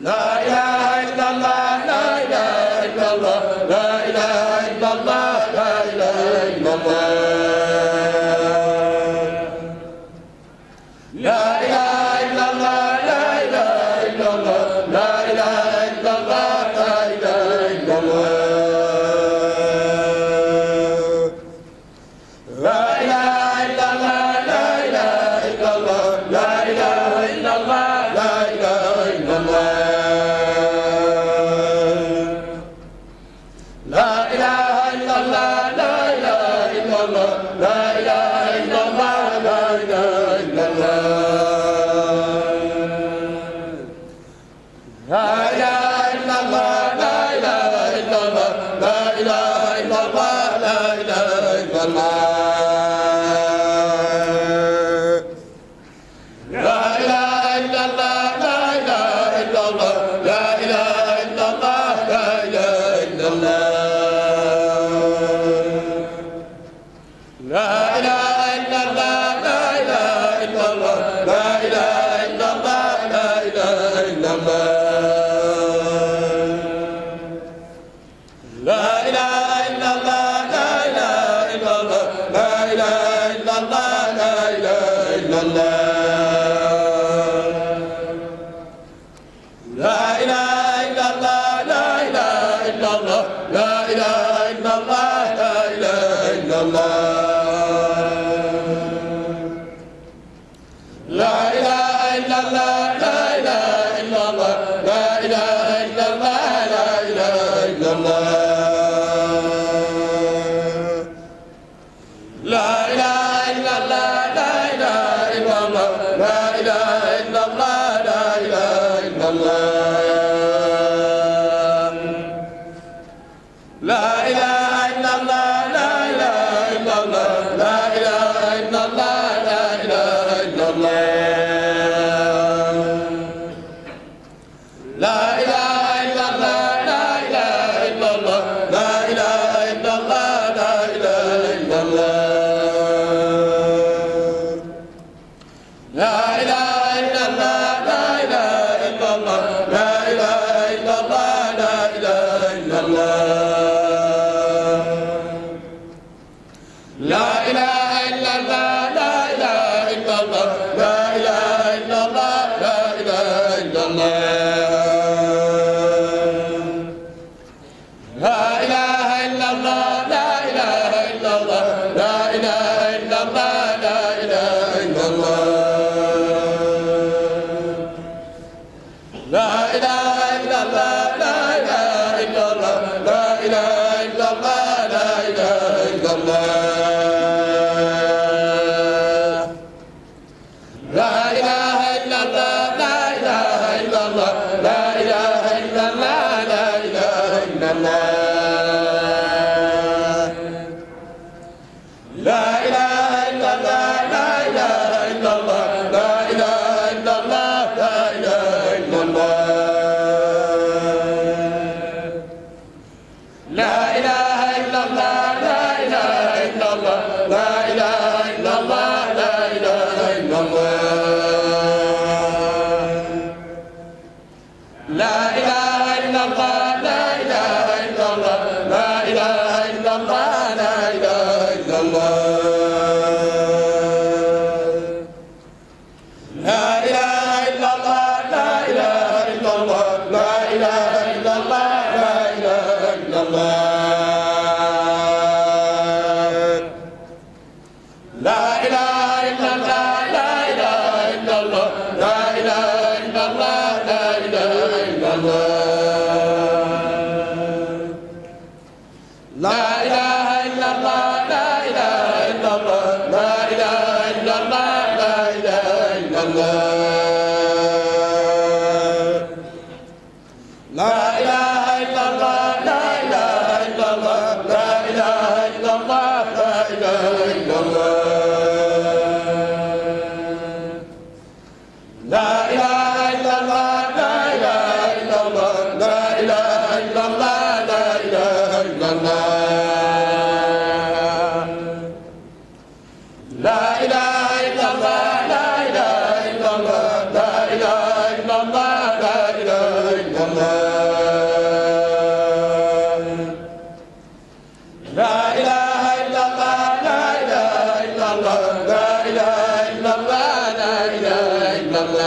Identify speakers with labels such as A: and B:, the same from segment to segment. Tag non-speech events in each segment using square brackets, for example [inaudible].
A: la
B: ilaha illallah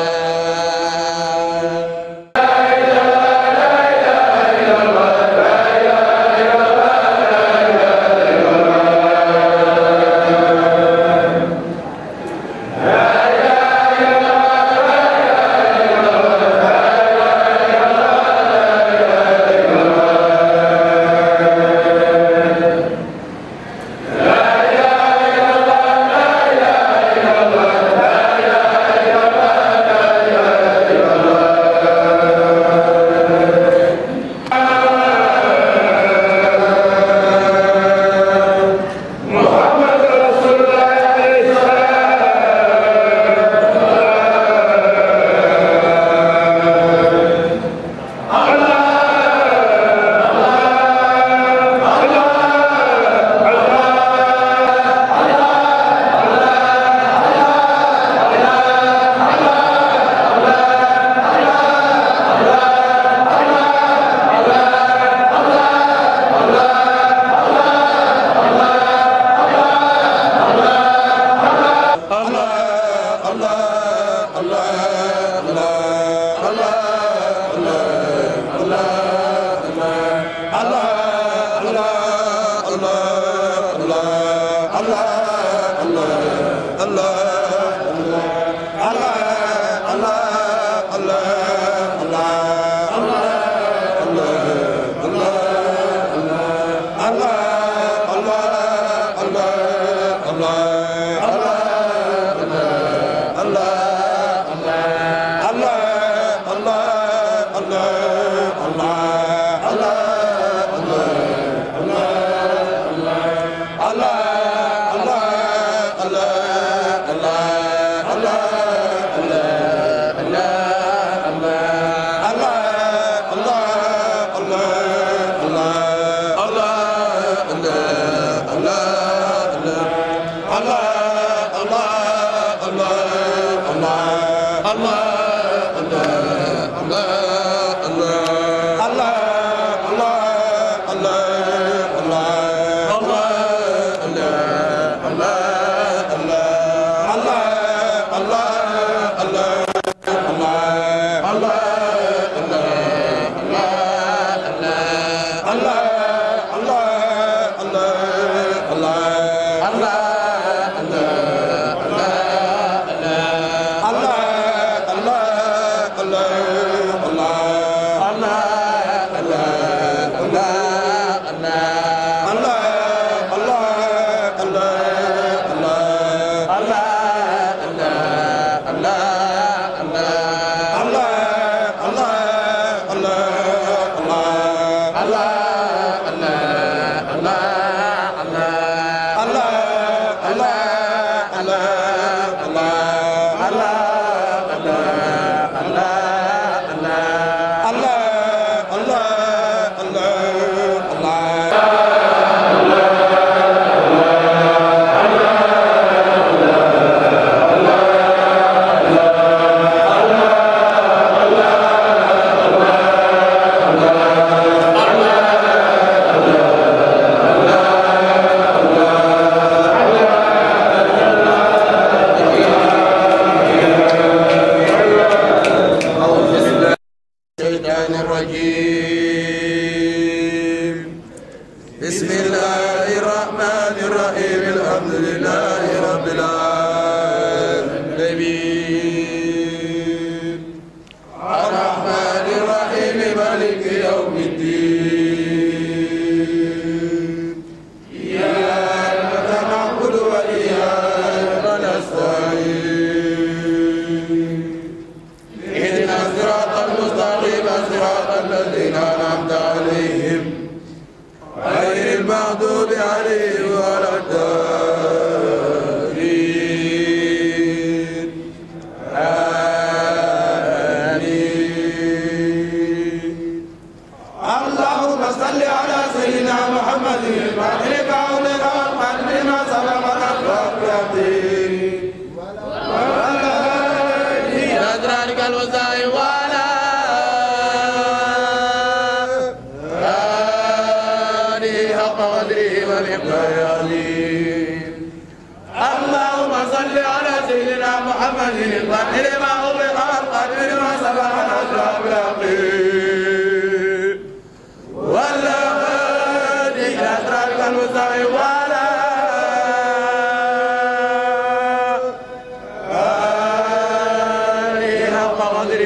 A: la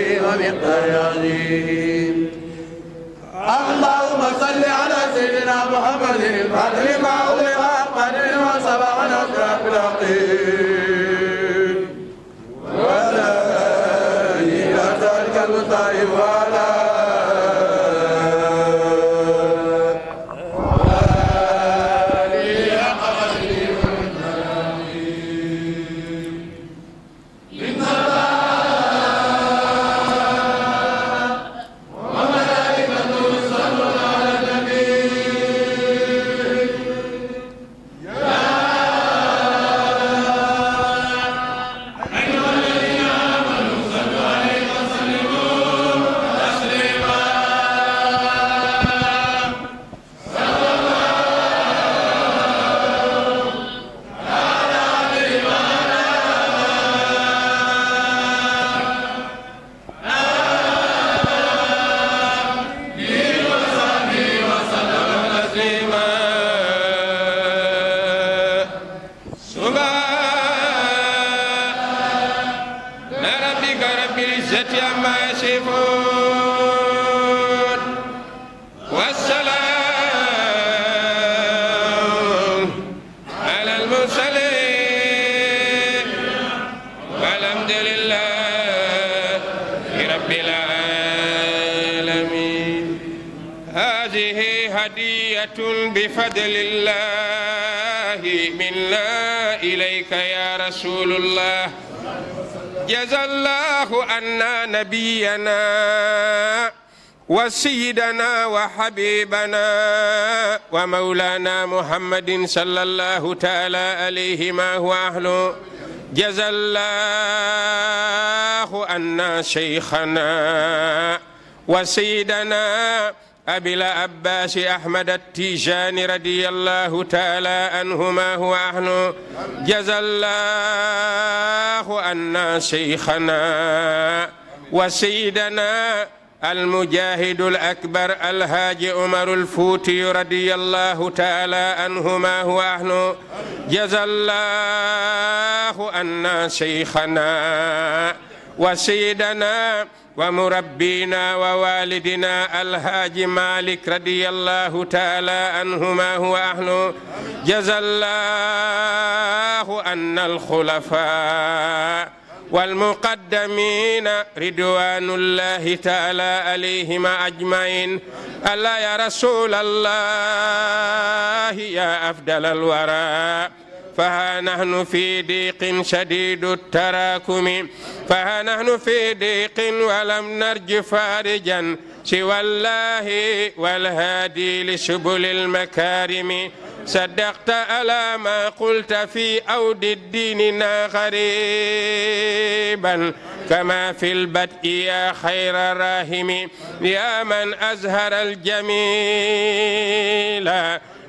C: ومقداره
A: اللهم
C: صل على سيدنا محمد الفاتح ما أغلق قدر وصبح نصر أخلاقه ولا يأتى الكلب الطائب
D: نبينا وسيدنا وحبيبنا ومولانا محمد صلى الله تعالى عليه ما هو أهله جزى الله عنا شيخنا وسيدنا أبل عباس أحمد التيجان رضي الله تعالى عنهما هو أهل جزى الله عنا شيخنا وسيدنا المجاهد الأكبر الهاج عمر الفوتي رضي الله تعالى عنهما هو أهل جزى الله عنا شيخنا وسيدنا ومربينا ووالدنا الهاج مالك رضي الله تعالى عنهما هو أهله جزى الله أن الخلفاء والمقدمين رضوان الله تعالى عليهم أجمعين ألا يا رسول الله يا أفضل الورى فها نحن في ضيق شديد التراكم فها نحن في ضيق ولم نرج فارجا سوى الله والهادي لسبل المكارم صدقت على ما قلت في أود الديننا غريبا كما في البدء يا خير راهم يا من أزهر الجميل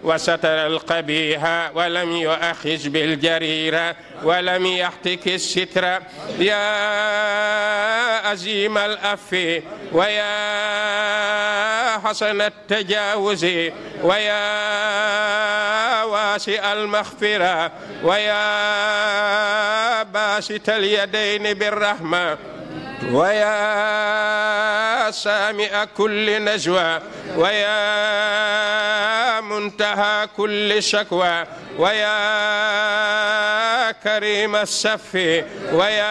D: وستر القبيح ولم يؤخج بالجريرة ولم يحتك الستر يا أزيم الأف ويا حسن التجاوز ويا واسع المغفرة ويا باسط اليدين بالرحمة ويا سامع كل نجوى ويا منتهى كل شكوى ويا كريم السف ويا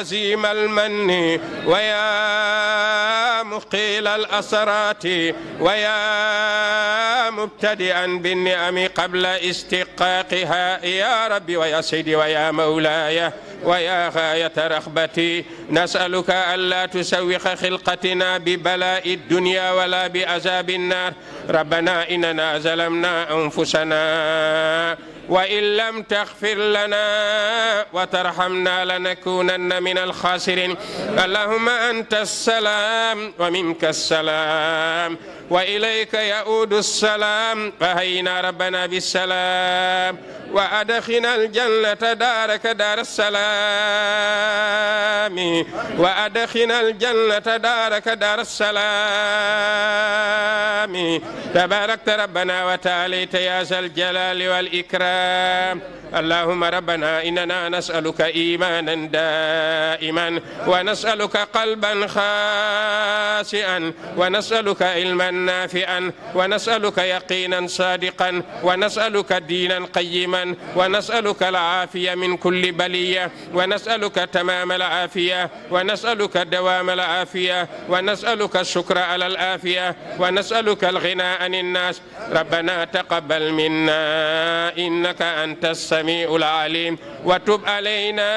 D: أزيم المن ويا مقيل الأسرات ويا مبتدئا بالنعم قبل استقاقها يا ربي ويا سيدي ويا مولاي ويا غاية رغبتي نسألك ألا تسوخ خلقتنا ببلاء الدنيا ولا بعذاب النار ربنا إننا ظلمنا أنفسنا wa in lam taxfir lana wa tarxamna lanakunanna min alxaasirin allahuma anta assalaam wa minka assalaam وإليك يؤود السلام فهينا ربنا بالسلام وأدخنا الجنة دارك دار السلام وأدخنا الجنة دارك دار السلام تباركت ربنا وتعاليت يا ذا الجلال والإكرام اللهم ربنا إننا نسألك إيمانا دائما ونسألك قلبا خاسئا ونسألك علما نافعا ونسألك يقينا صادقا ونسألك دينا قيما ونسألك العافية من كل بلية ونسألك تمام العافية ونسألك دوام العافية ونسألك الشكر على العافية ونسألك الغنى عن الناس ربنا تقبل منا إنك أنت السميع السميع العليم وتب علينا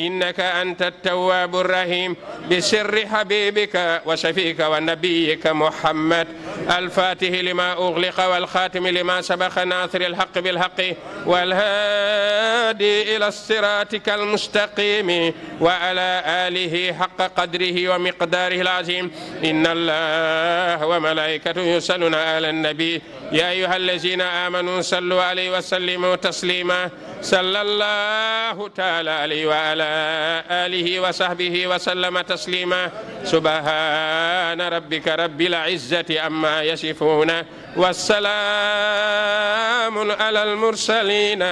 D: إنك أنت التواب الرحيم بسر حبيبك وشفيك ونبيك محمد الفاتح لما أغلق والخاتم لما سبق ناصر الحق بالحق والهادي إلى الصراطك المستقيم وعلى آله حق قدره ومقداره العظيم إن الله وملائكته يصلون على النبي يا أيها الذين آمنوا صلوا عليه وسلموا تسليما صلى الله تعالى عليه وعلى آله وصحبه وسلم تسليما سبحان ربك رب العزة أما يصفون والسلام على المرسلين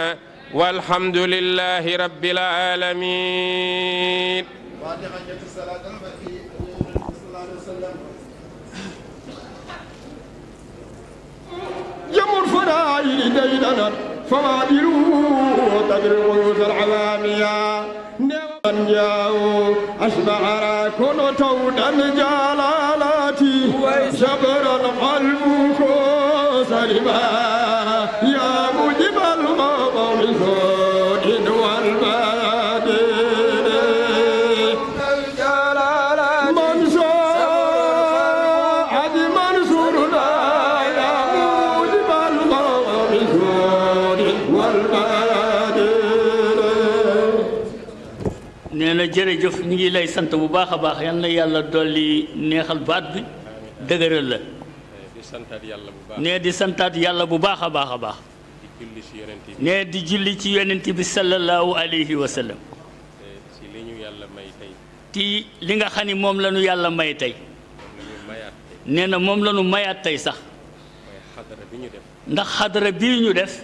D: والحمد لله رب العالمين
C: يمر فراعي ديننا فوابلوا تدرق يوز العوامية نيوان جاو أشبع راكن تودا جلالاتي جبر القلب كوسلمان
B: jërëjëf ngi lay sant bu baax a baax yal na yàlla dolli neexal baat bi dëgëral la. Eh, nee di santaat yàlla bu baax a baax a baax. nee di julli ci yonent bi sallallahu alayhi wa sallam.
E: Eh,
B: ci li nga xam ni moom la yàlla may tey. nee na moom la mayaat tey sax. ndax xadara bii ñu def.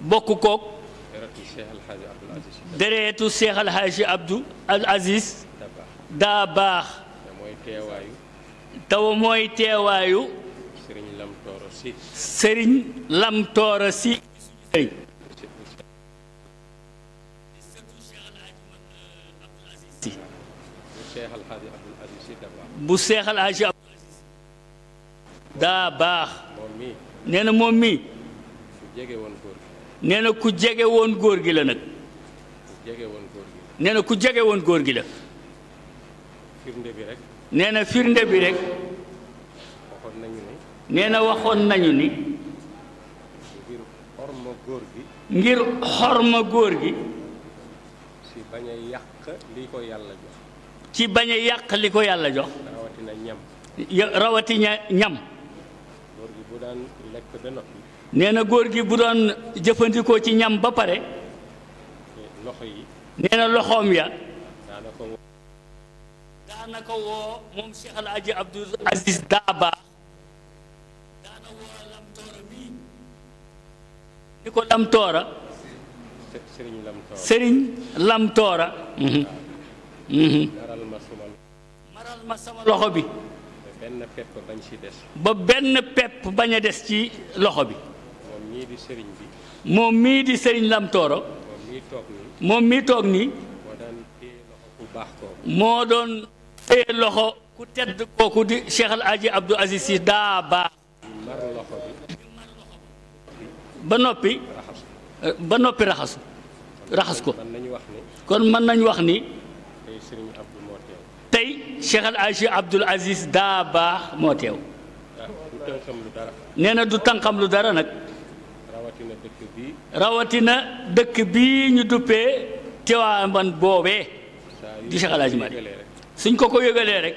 B: bokk kook. dereetu Seex Alxaaji Abdu Al Aziz daa baax taw mooy teewaayu sëriñ Lam Tooro Si bu Seex Alxaaji Abdu daa baax nee na moom mii nee na ku jege woon góor gi la nag jege ku jege woon góor gi la. firnde bi rek. nee na firnde bi rekk
E: waxoon nañu ni.
B: nee waxoon nañu ni. ngir
E: xorma góor gi.
B: ngir xorma góor gi.
E: ci bañ a yàq li ko yàlla
B: jox. ci bañ a yàq li ko yàlla jox.
E: rawatina ñam.
B: rawatina ñam. góor góor gi bu doon jëfandikoo ci ñam ba pare. loxo yi. nee na loxoom ya. daanaka woo. moom Cheikh El Hadj Abdoul Aziz Daaba. Lamtoora ni ko Lamtoora.
E: Serigne Lamtoora Serigne
B: Lamtoora. Mhm. Mhm. maral ma ma sama loxo bi. ba benn pepp bañ ci des. ba benn pepp bañ a des ci loxo bi. moom mii di sëriñ bi. moom mi toog nii. moo doon téye loxo ku tedd kooku di Cheikh El Hadji Abdou Aziz daa baax. ba noppi ba noppi raxasu raxas ko kon mën nañu wax ni tey Cheikh aji Hadji Abdoul daa baax moo teew ah, nee na du tànqam lu dara nag. rawatina dëkk bii ñu duppee Tiwaawan boobee di Cheikh Alaaji suñ ko ko yëgalee rek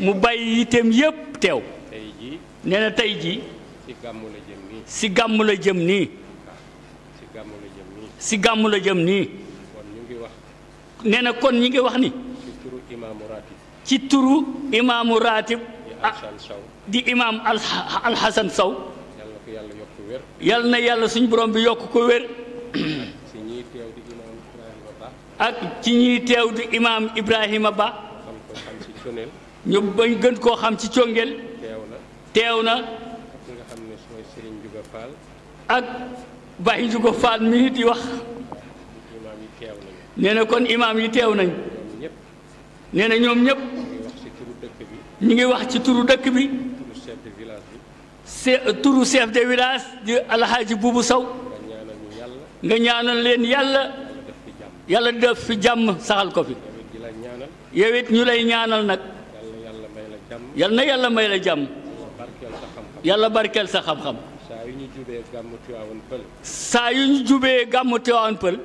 B: mu bàyyi itam yépp teew nee na tey ji si gàmmu la jëm nii si gàmmu jëm ni
E: nee kon ñi ngi wax ni
B: ci turu imaamu ratib ah, di imaam alxasan saw yal na yàlla suñ borom bi yokk ko wér ak ci ñiy teew di imaam Ibrahima Ba ñu bañ gën koo xam ci congel teew na ak Baye Juga Fall mi di wax nee na kon imaam yi teew nañ nee na ñoom ñëpp ñu ngi wax ci turu dëkk bi turu chef de village di alxaaji buubu ñaanal leen yàlla yàlla def fi jàmm saxal ko fi yow ñu lay ñaanal nag yal na yàlla may la jàmm yàlla barkeel sa xam-xam saa yu ñu jubee gàmmu Tiwaawan Pël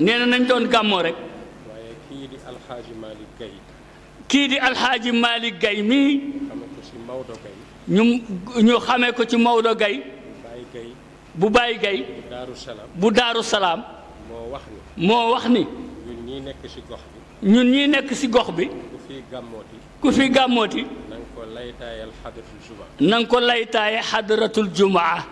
E: nee na nañ doon gàmmoo rek kii di alxaaji Malick Gaye
B: mii ñu ñu ko ci Maodo Gaye bu Baye Gaye bu Daaru Salaam moo wax ni moo wax ni ñun ñii nekk ci gox bi ñun ñii nekk ci gox bi ku fi gàmmooti ku fi gàmmooti na ko laytaayal xadratul jumaa ko laytaaye xadratul jumaa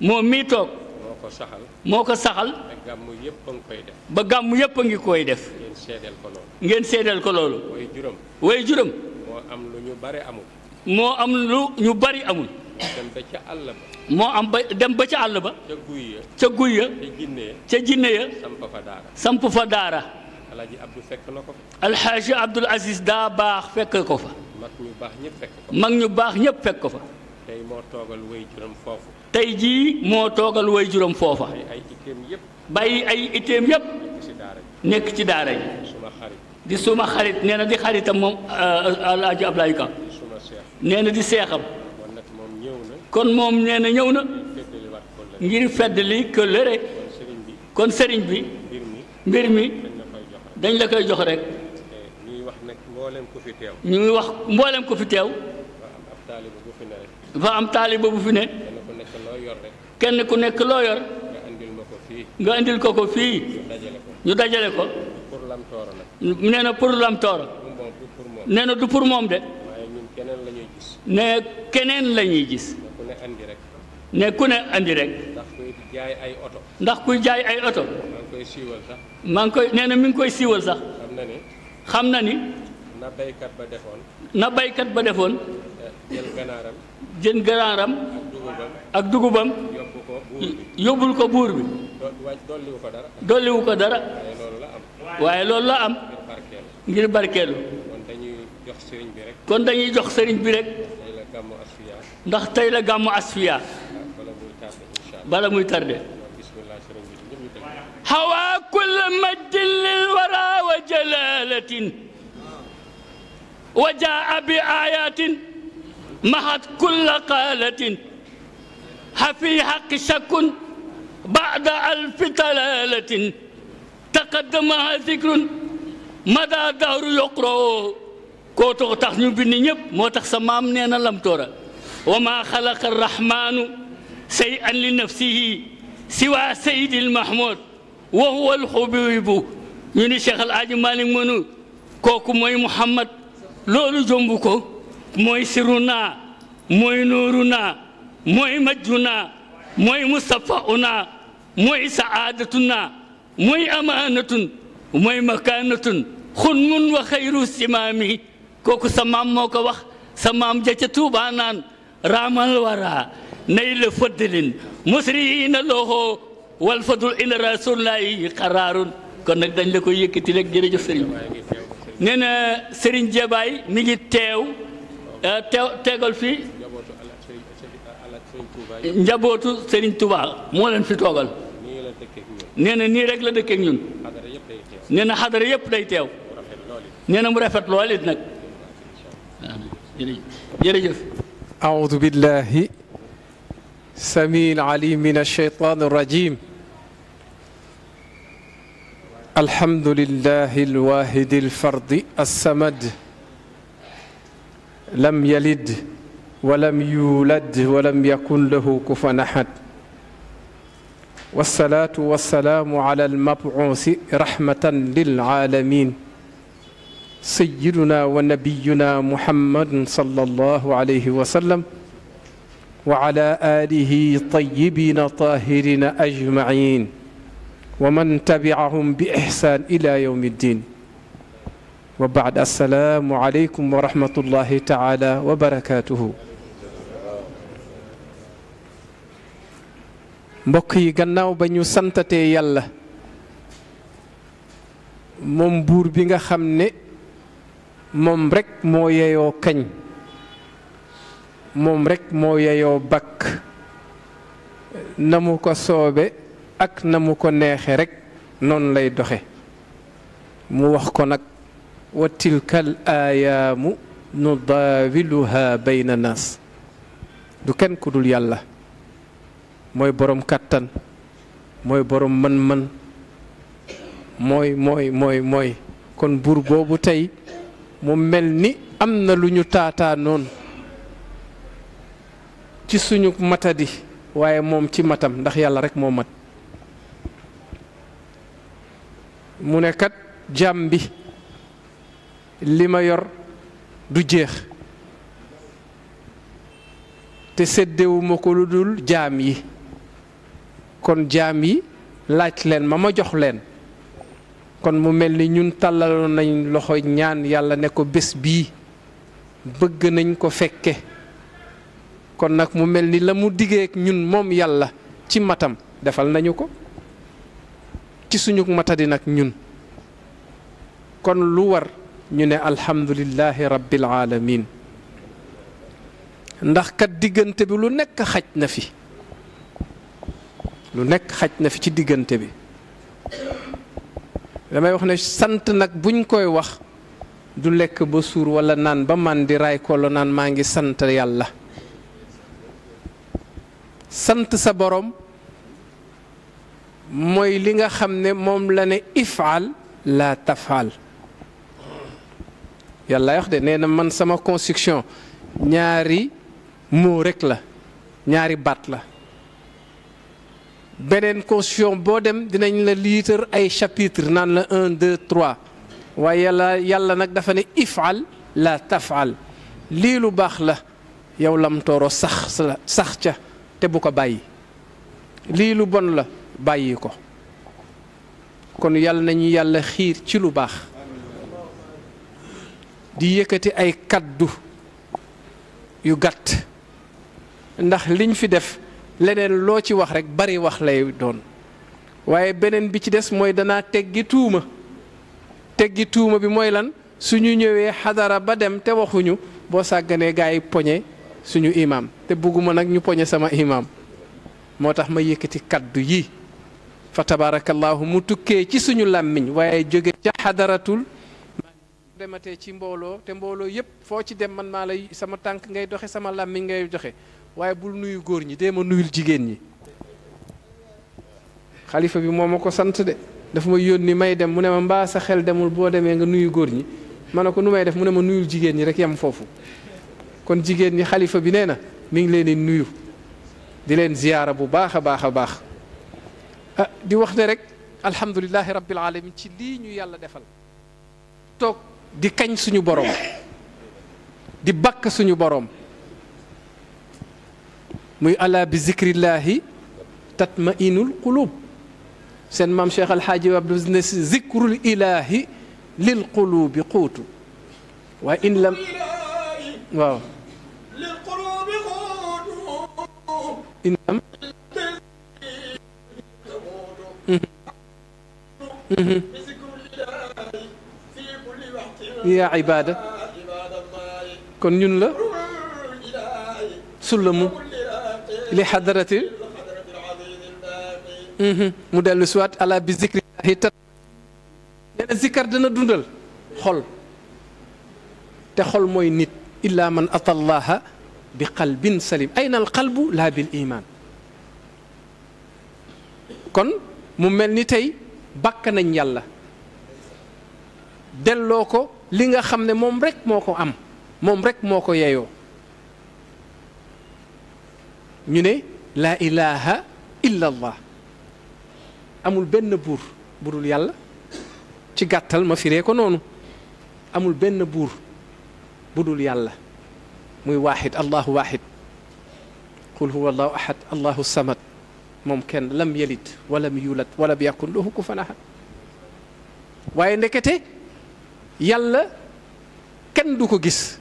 B: moom mi toog
E: moo ko saxal moo ko saxal ba gàmm yëpp a ngi koy def
B: ba gàmm yëpp a ngi koy def
E: ngeen seedeel ko loolu
B: ngeen seedeel ko loolu way juróom way juróom am moo am lu ñu bari amul. ca àll moo am ba dem ba ca àll ba. ca guy ya ca guy ya. ca jinne ya ca jinne ya. samp fa daara samp fa daara. fekk na ko fa. Alhaji Abdoul Aziz daa baax fekk ko fa.
E: mag ñu baax ñëpp fekk ko
B: fa. mag ñu baax ñëpp fekk ko fa.
E: tey moo toogal way foofu.
B: tey jii moo toogal way juróom foofa. bàyyi
E: ay iteem yëpp.
B: bàyyi ay iteem yëpp. nekk ci daara ji. di suma xarit. di xarit nee na di xaritam moom euh, Alhaji Abdoulaye Ka. nee na di seexam kon moom nee na ñëw na ngir fedd li këllëre kon sëriñ bi mbir mi
E: dañ la koy jox rek ñuy wax nag mboolem ku fi teew ñuy wax mboolem ku fi teew dafa am
B: taaliba bu fi ne kenn ku nekk loo yor nga indil ko ko fii ñu dajale ko
E: nee na pour lam tooro
B: nee na du pour moom de keneen la ne keneen la ñuy gis. ne ku ne andi rek. ne ku ne andi rek.
E: ndax kuy jaay ay oto.
B: ndax kuy jaay ay oto.
E: maa koy siiwal sax.
B: maa ngi koy nee na mi ngi koy siwal sax. xam na ni. xam na ni.
E: na baykat ba defoon.
B: na baykat ba defoon. jën ganaaram. ak dugubam. ak ko buur bi yóbbul ko buur bi.
E: dolliwu ko dara. dolliwu ko dara. waaye loolu la am. ngir barkeelu. jox sëriñ bi kon dañuy jox sëriñ bi rek.
B: tey lil wara wa jalalatin wa jaa bi ayatin maxat kulla qaalatin xafi xaqi shakkun bada alfi talalatin taqaddamaha zikrun mada dahru yoqroo kootoo tax ñu bind ñëpp moo tax sa maam nee na lamtoora wa maa xalaqa arrahmaanu say an li nafsihi siwa sayidil mahmoud wa huwa alxubibu ñu ni cheikh al aji malik mënu kooku mooy muhammad loolu jombu ko mooy siru naa mooy nuuru naa mooy majju naa mooy mustafau naa mooy saadatu naa mooy amaanatun mooy makaanatun xun mun wa xayru simaami kooku sa maam moo ko wax sa maam ja ca Tuubaa naan raamal wara nay la fëddalin musriina looxoo wal fadul ila rasulillahi xaraarun kon nag dañ la koy yëkkati rek jërëjëf sëriñ nee na sëriñ Jebaay mi ngi teew eh, teew teegal fi njabootu sëriñ Touba moo leen fi toogal nee na nii rek la dëkkeek ñun nee xadara yëpp day teew nee mu rafet lool nag jërëjëf
F: aoudu billahi sami alalim min alcheytan arrajim alhamdulilahi alwahidi alfardi alsamad lam yalid walam yuulad walam yakun lahu kufan ahad wasalaatu wasalaamu ala almabuusi rahmatan lilaalamin sayyiduna wa nabiyuna muhammadin sallallahu alayhi wa sallam wa ala alihi tayyibina tahirina ajmain wa man tabiahum bi ihsan ila yawmi ddin wa baad assalaamu aleykum wa rahmatullahi taala wa barakatuhu mbokk yi gannaaw ba ñu santatee yàlla moom buur bi nga xam ne moom rekk moo yeyoo kañ moom rekk moo yeyoo bakk na mu ko soobe ak na mu ko neexe rekk noonu lay doxe mu wax ko nag wa tilka al aayaamu nudaawiluha bayna naas du kenn ku dul yàlla mooy boroom kàttan mooy boroom mën-mën mooy mooy mooy kon buur boobu tey mu mel ni am na lu ñu taataanoon ci suñu matadi waaye moom ci matam ndax yàlla rekk moo mat mu ne kat jàmm bi li ma yor du jeex te séddewuma ko lu dul jaam yi kon jaam yi laaj leen ma ma jox leen kon mu mel ni ñun tàllaloon nañ loxo ñaan yàlla ne ko bés bii bëgg nañ ko fekke kon nag mu mel ni la mu diggeek ñun moom yàlla ci matam defal nañu ko ci suñu matadi nag ñun kon lu war ñu ne alhamdulillahi rabbil alamin ndax kat diggante bi lu nekk xaj na fi lu nekk xaj na fi ci diggante bi damay wax ne sant nag buñ koy wax du lekk ba suur wala naan ba man di raay kolo naan maa ngi sant yàlla sant sa boroom mooy li nga xam ne moom la ne ifaal la tafal yàlla wax de nee na man sama construction ñaari moo rek la ñaari baat la beneen constitution boo dem dinañ la liitar ay chapitre naan la un deux trois waaye yàlla yàlla nag dafa ne ifal la tafal lii lu baax la yow lam tooro sax ca te bu ko bàyyi lii lu bon la bàyyi ko kon yàlla nañu yàlla xiir ci lu baax di yëkkati ay kaddu yu gàtt ndax liñ fi def leneen loo ci wax rek bari wax lay doon waaye beneen bi ci des mooy danaa teggi tuuma teggi tuuma bi mooy lan suñu ñëwee xadara ba dem te waxuñu boo sàgganee gaa yi poñe suñu imaam te bëgguma nag ñu poñe sama imaam moo tax ma yëkkati kàddu yi fa tabaarakallaahu mu tukkee ci suñu làmmiñ waaye jóge ca xadaratul dematee ci mbooloo te mbooloo yépp foo ci dem man maa lay sama tànk ngay doxe sama làmmiñ ngay joxe waaye bul nuyu góor ñi dee ma nuyul jigéen ñi xalifa bi moo ma ko sant de dafa ma yónni may dem mu ne ma mbaa sa xel demul boo demee nga nuyu góor ñi ma ne ko nu may def mu ne ma nuyul jigéen ñi rek yem foofu kon jigéen ñi xalifa bi nee na mi ngi leen di nuyu di leen ziyaara bu baax a baax a baax ah di wax ne rek alhamdulilahi rabbil alamin ci lii ñu yàlla defal toog di kañ suñu borom di bakk suñu boroom muy ala bi zikrillaahi tatma inul qulub seen maam Cheikh Al Hadj Abdou ne si zikrul ilaahi lil qulubi quutu waaye in lam waaw. in lam. Mhm. Mhm. yaa ibaada kon ñun la sullamu li xadarati mhm. mu dellu siwaat ala bi zikrillahi tat zikkar dana dundal xol te xol mooy nit illa man ata allaha bi qalbin salim na al qalbu laa bil iman kon mu mel ni tey bàkk nañ yàlla delloo ko li nga xam ne moom rekk moo ko am moom rek moo ko yeyoo ñu ne laa ilaha illa allah amul benn buur budul yàlla ci gàttal ma firee ko noonu amul benn buur budul yàlla muy waaxid allahu waaxid qul huwa allahu ahad allahu samad moom kenn lam yalid walam yulad wala yakun lahu kufan ahad waaye ndekete yàlla kenn du ko gis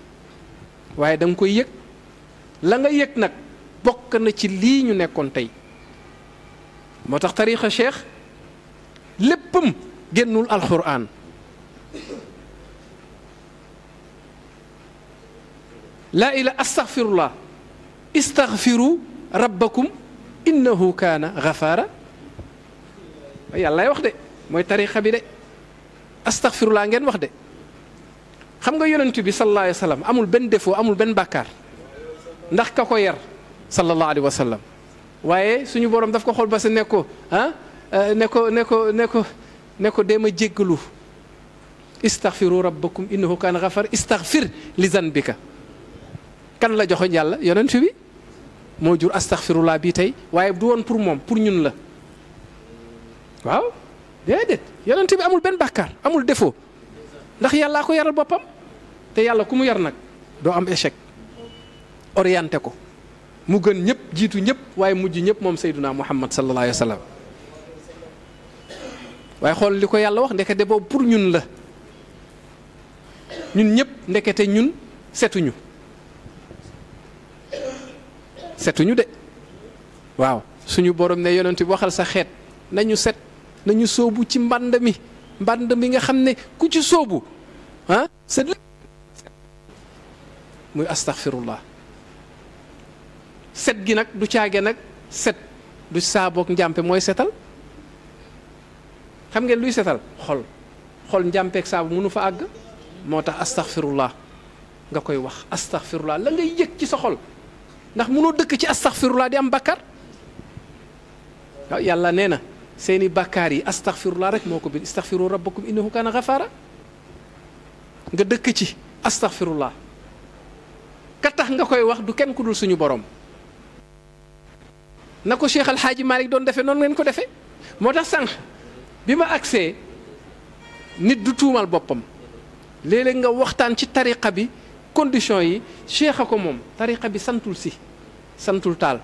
F: waaye danga nga koy yëg la nga yëg nag bokk na ci lii ñu nekkoon tey moo tax tariixa cheikh léppam génnul alxuraan laa ila astaxfirullah istaxfiru rabbakum innahu kaana gafaara yàllaay wax de mooy tariixa bi de astaxfirullah ngeen wax de xam nga yonent bi sallallahu alayhi amul benn défaut amul benn bàkkaar ndax ka ko yar sallallahu alayhi wa sallam waaye suñu borom daf ko xool ba sa ne ko ah eh, ne ko ne ko ne ko ne ko dema jéggalu istaghfiru rabbakum innahu kaana ghafar istaghfir li zanbika kan la joxoñ yàlla yonent bi moo jur astaghfirullah bii tey waaye du woon pour moom pour ñun la waaw déedéet yonent bi amul benn bàkkaar amul defoo ndax yàllaa ko yaral boppam te yàlla ku mu yar nag doo am échec orienté ko mu gën ñëpp jiitu ñëpp waaye mujj ñëpp moom sayduna muhammad sallallahu alayhi wa sallam waaye xool li ko yàlla wax ndekete boobu pour ñun la ñun ñëpp ndekete ñun setuñu setuñu de waaw suñu borom ne yonent bi waxal sa xeet nañu set nañu soobu ci mbànd mi mbànd mi nga xam ne ku ci soobu ah muy astaghfirullah set gi nag du caage nag set du saabook njàmpe mooy setal xam ngeen luy setal xol xol njàmpeeg saabu mënu fa àgg moo tax astaxfirullah nga koy wax astaxfirullah la ngay yëg ci sa xol ndax mënoo dëkk ci astaxfirullah di am bàkkaar waaw yàlla nee na seeni bàkkaar yi astaxfirullah rek moo ko bind istaxfiru rabbakum innahu kaana xafaara nga dëkk ci astaxfirullah ka tax nga koy wax du kenn ku dul suñu borom na ko Cheikh Alhaaji Malick doon defee noonu ngeen ko defee moo tax sànq bi ma agsee nit du tuumal boppam léeg nga waxtaan ci tariqa bi condition yi cheikh ko moom tariqa bi santul si santul taal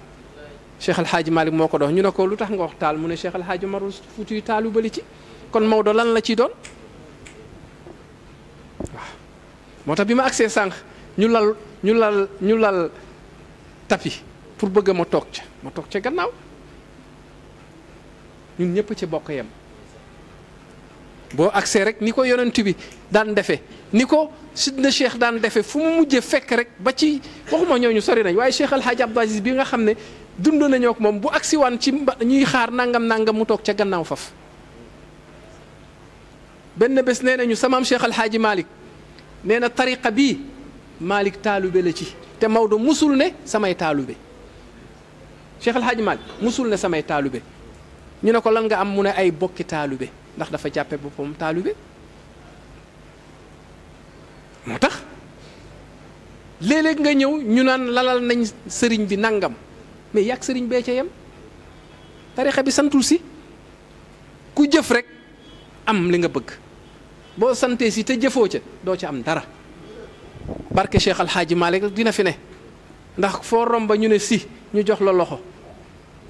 F: Cheikh Alhaaji Malick moo ko dox ñu ne ko lu tax nga wax taal mu ne seexal Alhaaji Marul Fuutiyu taalu bali ci kon Maodo lan la ciy doon waaw moo tax bi ma agsee sànq ñu lal ñu lal ñu lal pour bëgg ma toog ca ma toog ca gannaaw ñun ñëpp ci bokk yam boo agsee rek ni ko yonent bi daan defe ni ko sidna cheikh daan defe fu mu mujje fekk rek ba ci waxuma ñooñu sori nañ waaye cheikh alhaaji abdou bi nga xam ne dund nañoo moom bu agsi waan ci ñuy xaar nangam nangam mu toog ca gannaaw faf benn bés nee nañu samaam cheikh xaaji maalik nee na tariqa bii malik taalube la ci te Maodo musul ne samay taalube Cheikh El Hadj Malick musul ne samay taalube ñu ne ko lan nga am mu ne ay bokki taalube ndax dafa jàppe boppam taalube moo tax léeg-léeg nga ñëw ñu naan lalal nañ sëriñ bi nangam mais yàgg sëriñ bee ca yem tarixa bi santul si ku jëf rek am li nga bëgg boo santee si te jëfoo ca doo ca am dara barke Cheikh Al Hadj Malick dina fi ne ndax foo romba ñu ne si. ñu jox la loxo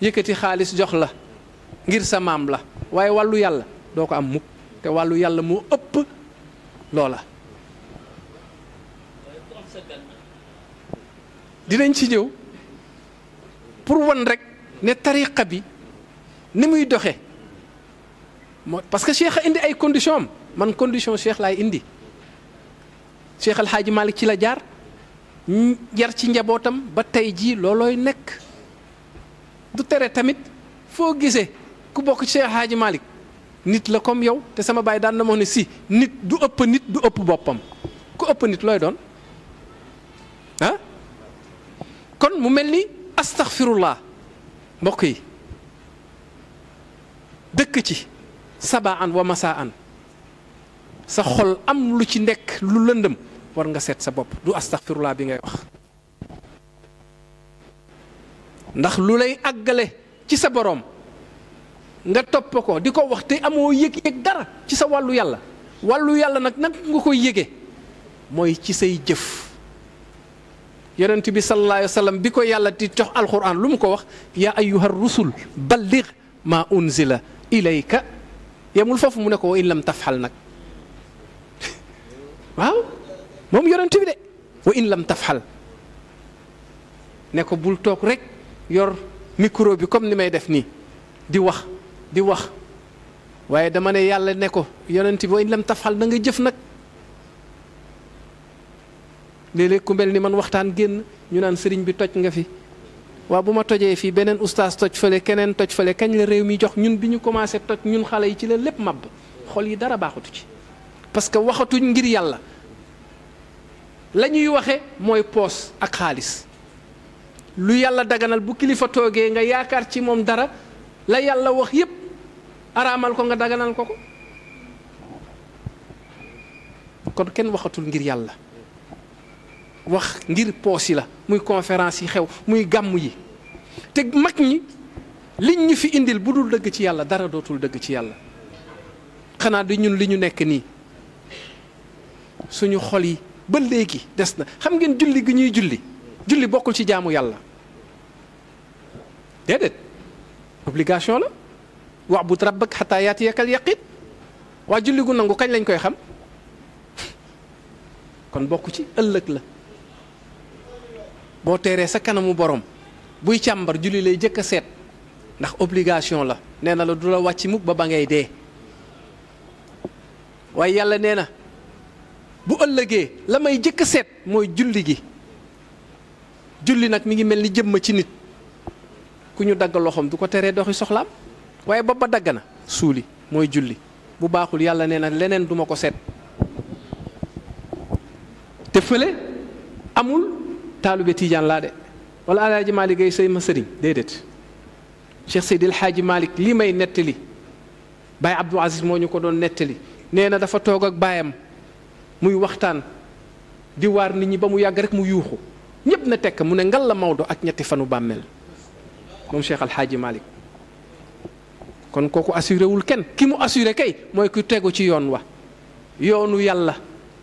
F: yëkkati xaalis jox la ngir sa maam la waaye wàllu yàlla doo ko am mukk te wàllu yàlla moo ëpp loola dinañ si ñëw pour wan rek ne tariqa bi ni muy doxe moo parce que cheikh a indi ay condition man condition cheikh laay indi cheikh xaaji Malick ci la jaar yar ci njabootam ba tey jii loolooy nekk du tere tamit foo gisee ku bokk ci Cheikh Hadji Malick nit la comme yow te sama baay daan na ma wax ne si nit du ëpp nit du ëpp boppam ku ëpp nit looy doon kon mu mel ni astaxfirullah mbokk yi dëkk ci sabaan wa masaan sa xol am lu ci nekk lu lëndam war nga seet sa bopp du astaxfirullah bi ngay wax ndax lu lay àggale ci sa boroom nga topp ko di ko wax te amoo yég yëg dara ci sa wàllu yàlla wàllu yàlla nag nag nga koy yége mooy ci say jëf yonent bi sa alayhi bi ko yàlla di jox alquran lu mu ko wax yaa ayyuha rusul balligh ma unzila ilayka yamul foofu mu ne ko wa in xal tafxal nag [laughs] waaw moom yonent bi de wa in lam tafxal ne ko bul toog rek yor micro bi comme ni may def nii di wax di wax waaye dama ne yàlla ne ko yonent bi wa in lam tafxal na nga jëf nag léeg ku mel ni man waxtaan génn ñu naan sëriñ bi toj nga fi waaw bu ma tojee fii beneen ustaas toj fële keneen toj fële kañ la réew mi jox ñun bi ñu commencé toj ñun xale yi ci la lépp màbb xol yi dara baaxatu ci parce que waxatuñ ngir yàlla la ñuy waxe mooy poos ak xaalis lu yàlla daganal bu kilifa toogee nga yaakaar ci moom dara la yàlla wax yépp araamal ko nga daganal ko ko kon kenn waxatul ngir yàlla wax ngir poos yi la muy conférence yi xew muy gàmm yi te mag ñi liñ ñu fi indil bu dul dëgg ci yàlla dara dootul dëgg ci yàlla xanaa di ñun li ñu nekk nii suñu xol yi ba léegi des na xam ngeen julli gi ñuy julli julli bokkul ci jaamu yàlla déedéet obligation la wax bu rabbak xataa yaatiyakal yaqin waa julli gu nangu kañ lañ koy xam kon bokk ci ëllëg la boo teeree sa kanamu borom buy càmbar julli lay jëkk a seet ndax obligation la nee na la du la wàcc mukk ba ba ngay dee waaye yàlla nee na bu ëllëgee la may jëkk seet mooy julli gi julli nag mi ngi mel ni jëmm ci nit ku ñu dagg loxoom du ko teree doxi soxlaam waaye bopp ba dagg na suuli mooy julli bu baaxul yàlla nee na leneen duma ko seet te fële amul taalube tiijaan laa de wala alaaji Malick ay say ma sëriñ déedéet Cheikh Seydil Haaji Malick lii may nettali Baye Abdou Aziz moo ñu ko doon nettali nee na dafa toog ak baayam muy waxtaan di waar nit ñi ba mu yàgg rek mu yuuxu ñëpp na tekk mu ne ngal la Maodo ak ñetti fanu bàmmeel moom Cheikh Al Hadji kon kooku assuré wul kenn ki mu assuré kay mooy ku tegu ci yoon wa yoonu yàlla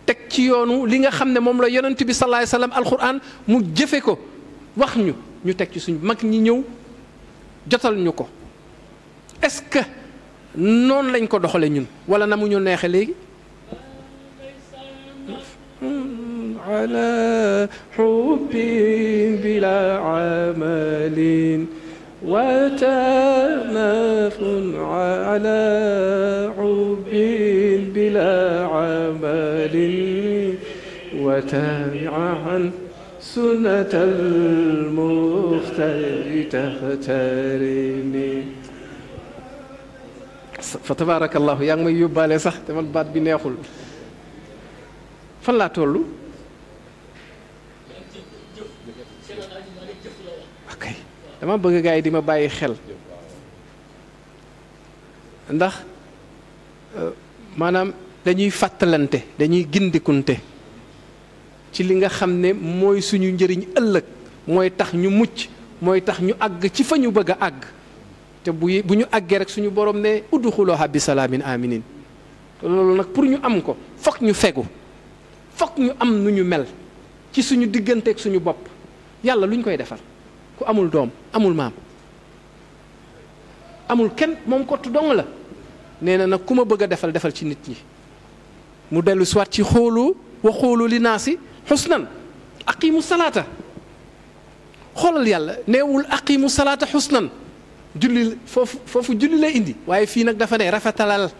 F: teg ci yoonu li nga xam ne moom la yonent bi salaay salaam alquran mu jëfe ko wax ñu ñu teg ci suñu mag ñi ñëw jotal ñu ko est-ce que noonu lañ ko doxale ñun wala na mu ñu neexe léegi على حب بلا عمل وتناف على حب بلا عمل وتابع عن سنة المختار تختارني fa tabaarakallaahu yaa ngi may yóbbaale sax te man baat bi neexul fan laa toll dama bëgg gars yi di ma bàyyi xel ndax euh, maanaam dañuy fàttalante dañuy gindikunte ci li nga xam ne mooy suñu njëriñ ëllëg mooy tax ñu mucc mooy tax ñu àgg ci fa ñu bëgg a àgg te bu bu ñu àggee rek suñu borom ne udxuluha bi salaamin aminin te loolu nag pour ñu am ko fokk ñu fegu fokk ñu am nu ñu mel ci suñu digganteek suñu bopp yàlla lu ñu koy defar ku amul doom amul maam amul kenn moom kottu dong la nee na nag ku ma bëgg defal defal ci nit ñi mu dellu soit ci xoolu wa xoolu li naa ak xusnan mu salaata xoolal yàlla neewul ak aqimu salaata xusnan julli foofu foofu julli lay indi waaye fii nag dafa ne rafetalal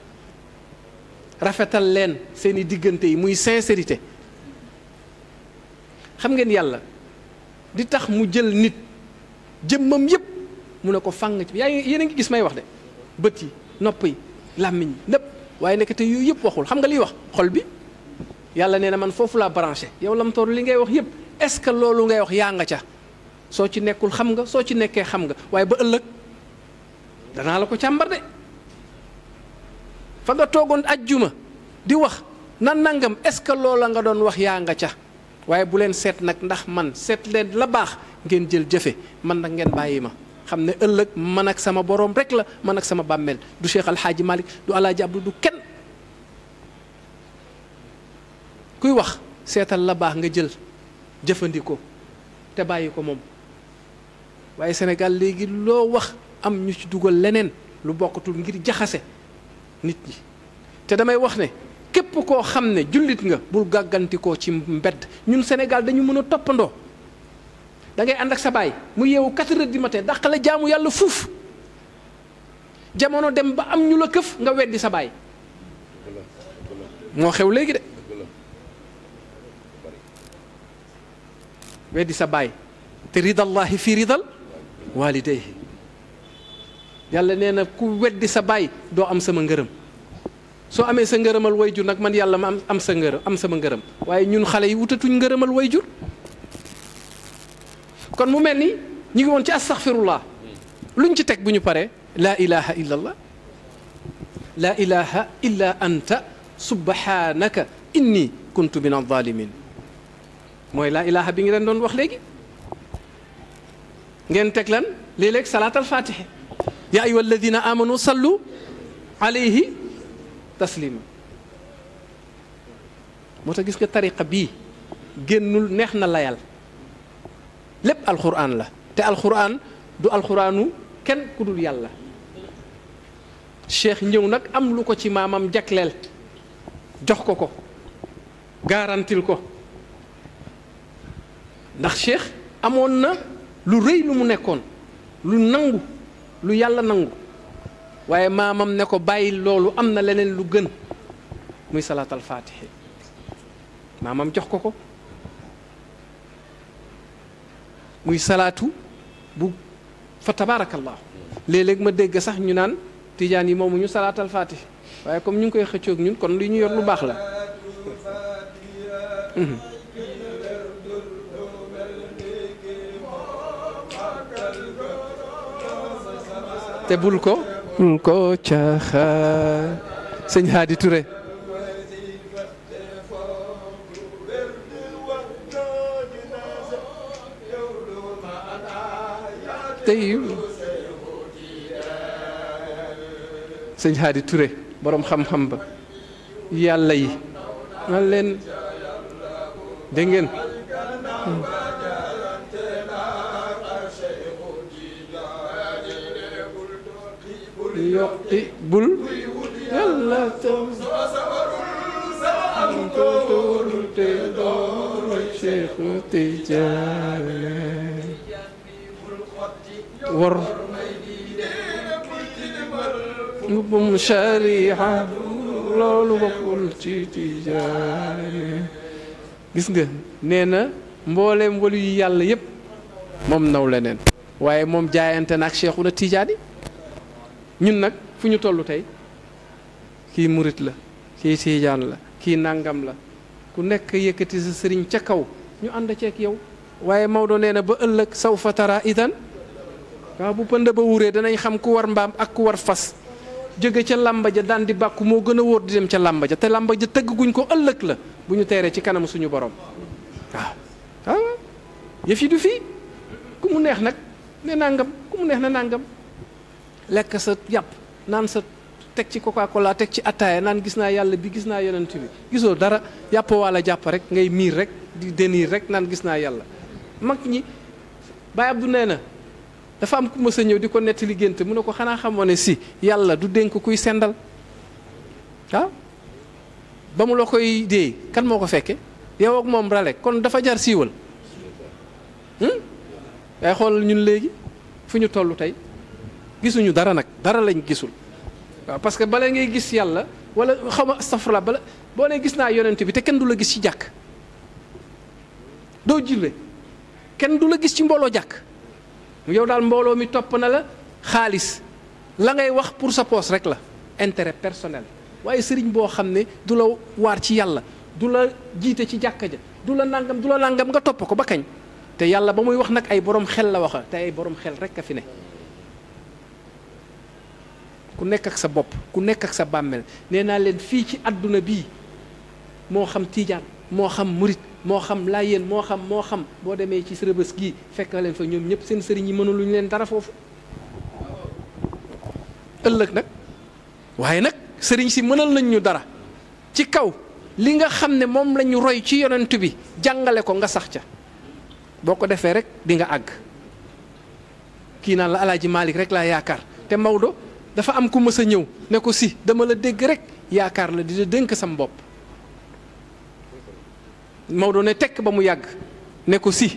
F: rafetal leen seeni diggante yi muy sincérité xam ngeen yàlla di tax mu jël nit jëmmam yëpp mu ne ko fang ci yaa ngi yéen a ngi gis may wax de bët yi nopp yi làmmiñ lépp waaye nekk te yooyu yëpp waxul xam nga liy wax xol bi yàlla nee na man foofu laa branché yow lam toor li ngay wax yëpp est-ce que loolu ngay wax yaa nga ca soo ci nekkul xam nga soo ci nekkee xam nga waaye ba ëllëg danaa la ko càmbar de fa nga toogoon ajjuma di wax nan nangam est-ce que loola nga doon wax yaa nga ca waaye bu leen seet nag ndax man seet leen la baax ngeen jël jafe man nag ngeen bàyyi ma xam ne ëllëg man ak sama boroom rekk la man ak sama bàmmeel du seexal xaaji Malik du Alaaji Abdu du kenn kuy wax seetal la baax nga jël jëfandikoo te bàyyi ko moom waaye Sénégal léegi loo wax am ñu ci dugal leneen lu bokkatul ngir jaxase nit ñi te damay wax ne képp koo xam ne jullit nga bul gàggantikoo ci mbedd ñun Sénégal dañu mën a toppandoo dangay ngay ànd ak sa baay mu yeewu 4 heures du matin jaamu yàlla fuuf jamono dem ba am ñu la këf nga weddi sa baay moo xew léegi de weddi sa baay te ridallahi fi ridal walidayhi yàlla nee na ku weddi sa baay doo am sama ngërëm soo amee sa ngërëmal way jur nag man yàlla ma am sa ngërëm am sama ngërëm waaye ñun xale yi wutatuñ ngërëmal way jur kon mu mel ni ñu ngi woon ci astaxfirullah luñ ci teg bu ñu pare la ilaha illa allah laa ilaha illa anta subhanaka inni kuntu min alzalimin mooy la ilaha bi ngi leen doon wax léegi ngeen teg lan léeg-léeg salaat al fatiha ya ayuha alladina amanu sallu alayhi taslima moo tax gis nga tariqa bii génnul neex na layal lépp alxuraan la te alxuraan du alxuraanu kenn ku dul yàlla cheikh ñëw nag am lu ko ci maamam jagleel jox ko ko garantil ko ndax cheikh amoon na lu rëy lu mu nekkoon lu nangu lu yàlla nangu waaye maamam ne ko bàyyil loolu am na leneen lu gën muy salaatal faatihi maamam jox ko ko muy salaatu bu fa tabaarakallaahu léeg ma dégg sax ñu naan tijaan yi moomu ñu salaatal faatihi waaye comme ñu ngi koy xëccoog ñun kon li ñu yor lu baax la mhm. te bul ko ko caaxaan sëñ Hadi Touré tey sëñ Hadi borom xam-xam ba yàlla yi man leen dégg ngeen bul yàlla tam ko tóolu te dooro Seexu Tijaan war yóbbum shari'a loolu bokkul ci Tijaan gis nga nee na mbooleem walu yu yàlla yépp moom naw leneen waaye moom jaayante na ak Seexuna Tijaan yi ñun nag fu ñu toll tey kii murit la kii siijaan la kii nàngam la ku nekk yëkkati sa sëriñ ca kaw ñu ànd ceeg yow waaye Maodo nee na ba ëllëg saw fa tara itan waaw bu pënd ba wuree danañ xam ku war mbaam ak ku war fas jóge ca làmba ja daan di bàkku moo gën a wóor di dem ca làmba ja te làmba ja tëgg guñ ko ëllëg la bu ñu teeree ci kanam suñu borom waaw yëf yi du fii ku mu neex nag ne nàngam ku mu neex ne nàngam lekk sa yàpp naan sa teg ci coca cola teg ci attaaya naan gis naa yàlla bi gis naa yonent bi gisoo dara yàpp wala jàpp rek ngay miir rek di denir rek naan gis naa yàlla mag ñi Baye Abdou nee na dafa am ku mës ñëw di ko nettali gént mu ne ko xanaa xamoo ne si yàlla du dénk kuy sendal waaw ah? ba mu la koy dee kan moo ko fekke yow ak moom rale kon dafa jar siiwal waaye hmm? xoolal ñun léegi fu ñu toll tey gisuñu dara nag dara lañ gisul waaw parce que bala ngay gis yàlla wala xaw ma astafurlah bala boo ne gis naa yonent bi te kenn du la gis ci jàkk doo julle kenn du la gis ci mbooloo jàkk yow daal mbooloo mi topp na la xaalis la ngay wax pour sa poos rek la intérêt personnel waaye sëriñ boo xam ne du la waar ci yàlla du la jiite ci jàkka ja du la nangam du la nàngam nga topp ko ba kañ te yàlla ba muy wax nag ay borom xel la waxa te ay borom xel rek a fi ne ku nekk ak sa bopp ku nekk ak sa bàmmeel nee naa leen fii ci àdduna bii moo xam tiijaan moo xam murit moo xam laayeen moo xam moo xam boo demee ci rëbës gii fekk leen fa ñoom ñëpp seen sëriñ yi mënuluñ leen dara foofu ëllëg nag waaye nag sëriñ si mënal nañ ñu dara ci kaw li nga xam ne moom la ñu roy ci yonent bi jàngale ko nga sax ca boo ko defee rek di nga àgg kii naan la alaaji Malick rek laa yaakaar te Maodo dafa am ku mës a ñëw ne ko si dama la dégg rek yaakaar la di la dénk sam bopp Maodo ne tekk ba mu yàgg ne ko si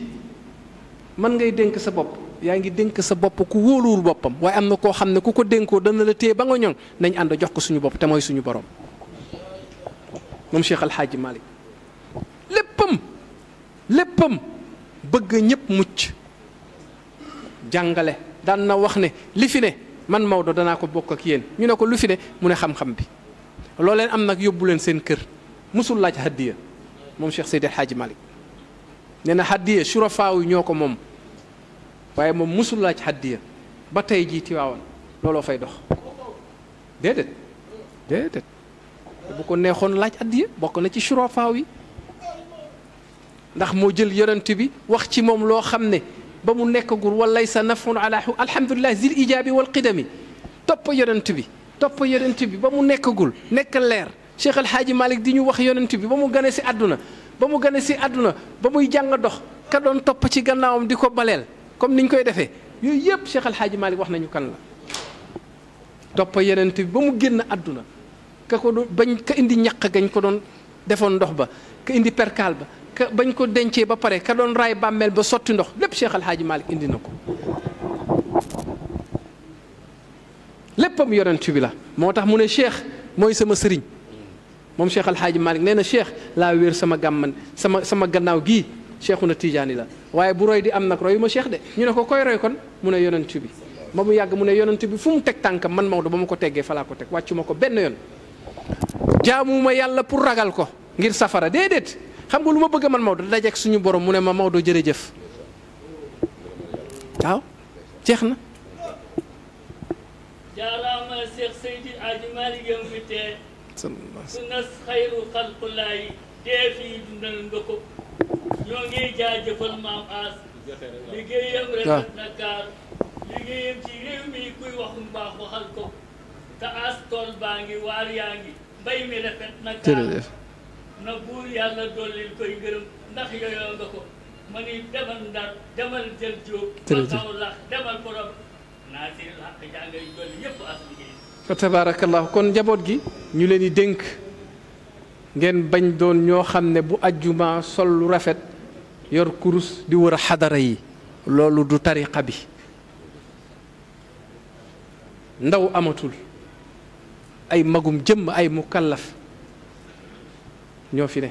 F: man ngay dénk sa bopp yaa ngi dénk sa bopp ku wóoluwul boppam waaye am na koo xam ne ku ko dénkoo dana la téye ba nga ñoŋ nañ ànd jox ko suñu bopp mooy suñu borom moom Cheikh Al Hadj Malick léppam léppam bëgg ñëpp mucc jàngale daan na wax ne li fi ne. man Maodo danaa ko bokk ak yéen ñu ne ko lu fi ne mu ne xam-xam bi looleen am nag yóbbu leen seen kër musul laaj haddiya moom Cheikh Seydi El Hadji Malick nee na surafaaw yi ñoo ko moom waaye moom musul laaj haddiya ba tey jii Tiwaawan looloo fay dox déedéet déedéet bu ko neexoon laaj haddiya bokk na ci surafaaw yi ndax moo jël yonent bi wax ci moom loo xam ne ba mu nekkagul walay sa nafun ala alhamdulilah zil ijaabi wal qidami topp yonent bi topp yonent bi ba mu nekkagul nekk leer Cheikh El Hadji Malick di ñu wax yonent bi ba mu gane si àdduna ba mu gane si àdduna ba muy jàng dox ka doon topp ci gannaawam di ko baleel comme niñ koy defee yooyu yëpp Cheikh El Hadji wax nañu kan la topp yonent bi ba mu génn àdduna ka ko doon bañ ka indi ñaq gañ ko doon defoon ndox ba ka indi perkaal ba ka bañ ko dencee ba pare ka doon raay bàmmeel ba sotti ndox lépp Cheikh Al Hadj indi na ko léppam yonent bi la moo tax mu ne Cheikh mooy sama sëriñ moom Cheikh Al Hadj nee na Cheikh laa wéer sama gàmman sama sama gannaaw gii Cheikhuna Tijaani la waaye bu roy di am nag royu ma Cheikh de ñu ne ko koy roy kon mu ne yonent bi ba mu yàgg mu ne yonent bi fu mu teg tànka man Maodo ba ma ko teggee falaa ko teg wàccu ma ko benn yoon jaamuma yàlla pour ragal ko ngir safara déedéet. xam nga lu ma bëgg man Maodo dajeek suñu borom mu ne ma Maodo jërëjëf waaw jeex na.
B: jaaraama Cheikh Seydi Aji Malick yow mi tee. su nas xayru xalqulaay dee fii dundal nga ko ñoo ngi jaajëfal maam As liggéeyam rafet na liggéeyam ci réew mi kuy wax mu waxal ko te As tool baa ngi waar yaa ngi mbay mi rafet na na buur yàlla dollil koy ngërëm ndax yooyoo nga ko ma ni demal ndar demal jël jóob makaw lax demal borom naa si làq jàngay dolli yëpp as liggéey
F: fa tabaarakallahu kon njaboot gi ñu leen di dénk ngeen bañ doon ñoo xam ne bu ajjuma sol lu rafet yor kurus di wër a xadara yi loolu du tari xabi ndaw amatul ay magum jëmm ay mukallaf ñoo fi ne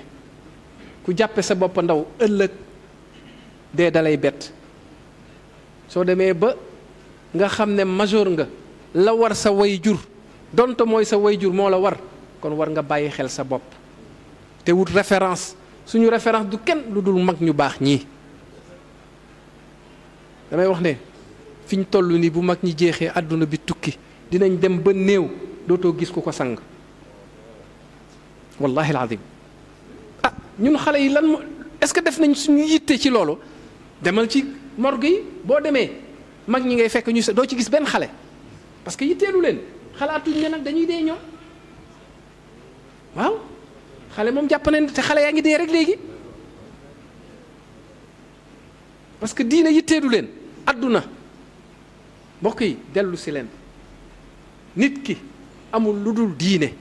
F: ku jàppe sa bopp ndaw ëllëg dee dalay bett soo demee ba nga xam ne majeur nga la war sa way jur donte mooy sa way jur moo la war kon war nga bàyyi xel sa bopp te wut référence suñu référence du kenn lu dul mag ñu baax ñii damay wax ne fiñ ñu toll nii bu mag ñi jeexee àdduna bi tukki dinañ dem ba néew dootoo gis ku ko sang wallahi alazim ñun xale yi lan est-ce que def nañ suñu yitte ci loolu demal ci morgue yi boo demee mag ñi ngay fekk ñu sa doo ci gis benn xale parce que yitteelu leen xalaatuñ ne nag dañuy dee ñoom waaw xale moom jàpp nañ te xale yaa ngi dee rek léegi parce que diine yitteelu leen àdduna mbokk yi dellu si leen nit ki amul lu dul diine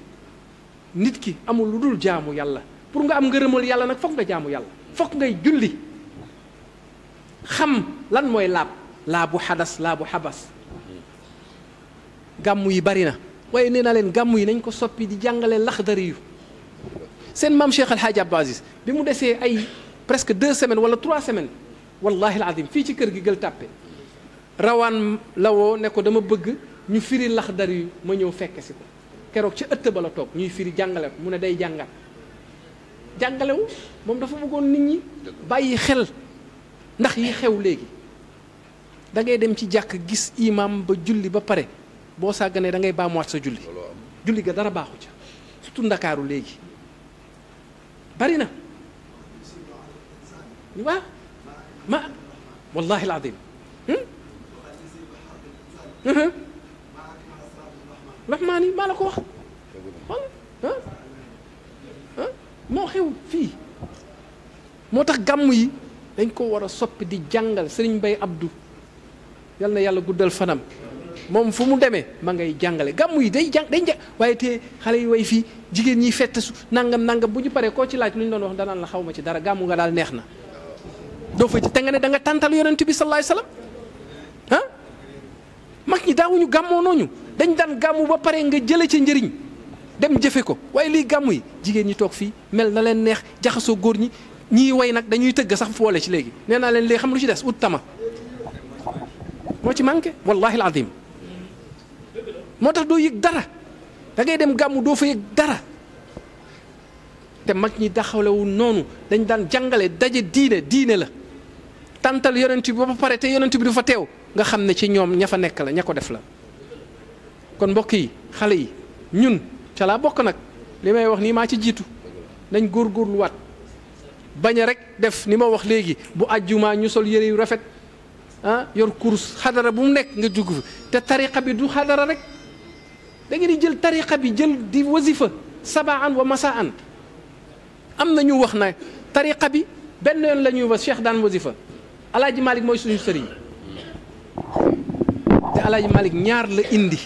F: nit ki amul lu dul jaamu yàlla pour nga am ngërëmal yàlla nag foog nga jaamu yàlla foog ngay julli xam lan mooy laab laabu xadas laabu xabas gàmm yi bari na waaye nee na leen gàmm yi nañ ko soppi di jàngale laxdari yu seen maam Cheikh El Hadj Abdou bi mu desee ay presque deux semaine wala trois semaines wallahi alazim fii ci kër gi gël tàppe rawaan la woo ne ko dama bëgg ñu firi laxdari yu ma ñëw fekke si ko keroog ca ëtt ba la toog ñuy firi jàngale mu ne day jàngat jàngalewu moom dafa bëggoon nit ñi bàyyi xel ndax yi xew léegi dangay dem ci jàkk gis imam ba julli ba pare boo sàgganee da ngay baamuwaat sa julli julli ga dara baaxu ca surtout ndakaaru léegi bari na waaw ma wallahi alazim hmm? uh-huh. rahmaani maa la ko wax moo xew fii moo tax gàmm yi dañ ko war a soppi di jàngal sëriñ Mbay Abdou yal na yàlla guddal fanam moom fu mu demee ma ngay jàngale gàmm yi day jàng day jàng waaye te xale yi way fii jigéen ñi fett su nangam nangam bu ñu paree koo ci laaj lu ñu doon wax danaan la xaw ma ci dara gàmmu nga daal neex na doo fa ci te nga ne da nga tàntal yonent bi sallallahu alayhi wasallam ah mag ñi daawuñu gàmmoo nooñu dañ daan gàmmu ba pare nga jële ca njëriñ dem jëfe ko waaye lii gàmmu yi jigéen ñi toog fii mel na leen neex jaxasoo góor ñi ñiy way nag dañuy tëgg sax foole ci léegi nee naa leen lee xam lu ci des ut tama moo ci manqué wallahi alazim moo tax doo yëg dara da ngay dem gàmmu doo fa yëg dara te mag ñi daxalewu noonu dañ daan jàngale daje diine diine la tàntal yonent bi ba pare te yonent bi du fa teew nga xam ne ci ñoom ña fa nekk la ña ko def la kon mbokk yi xale yi ñun ca bokk nag li may wax nii maa ci jiitu nañ góorgóorluwaat bañ a rek def ni ma wax léegi bu àjjuma ñu sol yére yu rafet ah yor kurus xadara bu mu nekk nga jug fi te tariqa bi du xadara rek da di jël tariqa bi jël di wasifa sabaan wa an am na ñu wax na tariqa bi benn yoon lañuy ñuy was cheikh daan wasifa alaaji malik mooy suñu sëriñ te alaaji malik ñaar la indi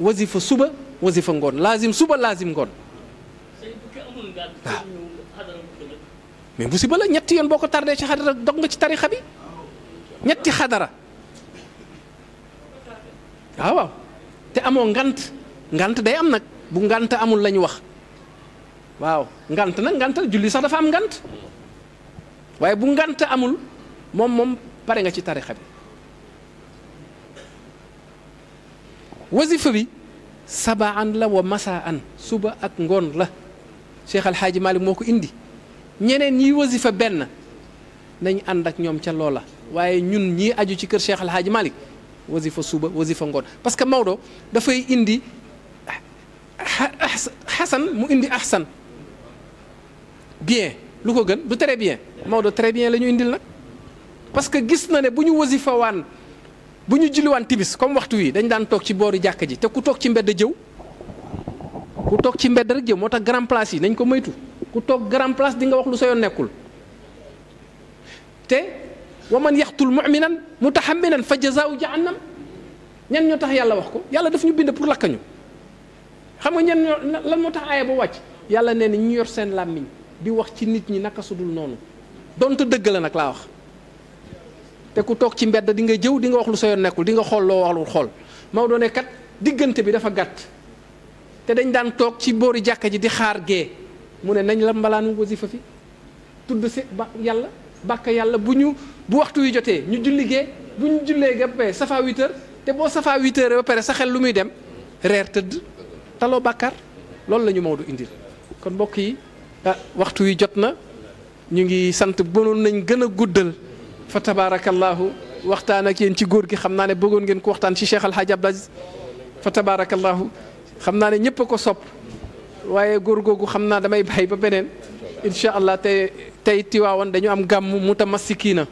F: wasifa suba wasifa ngoon laazim suba laazim ngoon waaw mais musiba la ñetti yoon boo ko tardee ci xadara dog nga ci tarixa bi ñetti xadara waaw waaw te amoo ngant ngant day am nag bu ngant amul la ñu wax waaw ngant nag ngant julli sax dafa am ngant waaye bu ngant amul moom moom pare nga ci tarixa bi wasifa bi saba an la wa masa an suba ak ngoon la Cheikh Al Hadj moo ko indi ñeneen ñiy wasifa benn nañ ànd ak ñoom ca loola waaye ñun ñii aju ci kër Cheikh Al Hadj Malick wasifa suba wasifa ngoon parce que Maodo dafay indi xasan mu indi ahsan bien lu ko gën du très bien Maodo très bien lañu indil nag parce que gis na ne bu ñu wasifawaan bu ñu julliwaan tibis comme waxtu wi dañ daan toog ci booru jàkk ji te ku toog ci mbedd jëw ku toog ci mbedd rek jëw moo tax grand place yi nañ ko moytu ku toog grand place di nga wax lu sa yoon nekkul te wa man yaxtul muminan mutahamminan fa jazaau jahannam ñan ñoo tax yàlla wax ko yàlla daf ñu bind pour lakk ñu xam nga ñan ñoo lan moo tax aaya ba wàcc yàlla nee na ñu yor seen làmmiñ di wax ci nit ñi naka sudul noonu donte dëgg la nag laa wax te ku toog ci mbedd di nga jëw dinga wax lu sa yoon nekkul dinga nga xool loo wax xool Maodo ne kat diggante bi dafa gàtt te dañ daan toog ci boori jàkka ji di xaar gee mu ne nañ la mbalaanu wasifa fi tudd si ba yàlla bàkk yàlla bu ñu bu waxtu wi jotee ñu julli gee bu ñu jullee ba pare safa 8 heures te boo safa 8 ba pare sa xel lu muy dem reer tëdd taloo bàkkaar loolu lañu ñu Maodo indi kon mbokk yi ah, waxtu wi jot na ñu ngi sant mënoon nañ gën a guddal. fa tabaarakallaahu waxtaan ak yéen ci góor gi xam naa ne bëggoon ngeen ko waxtaan ci Cheikh Al Hadj Abdou Aziz fa tabaarakallaahu xam naa ne ñëpp a ko sopp waaye góor googu xam naa damay bàyyi ba beneen incha allah tey tey Tiwaawan dañu am gàmm mutamassikiina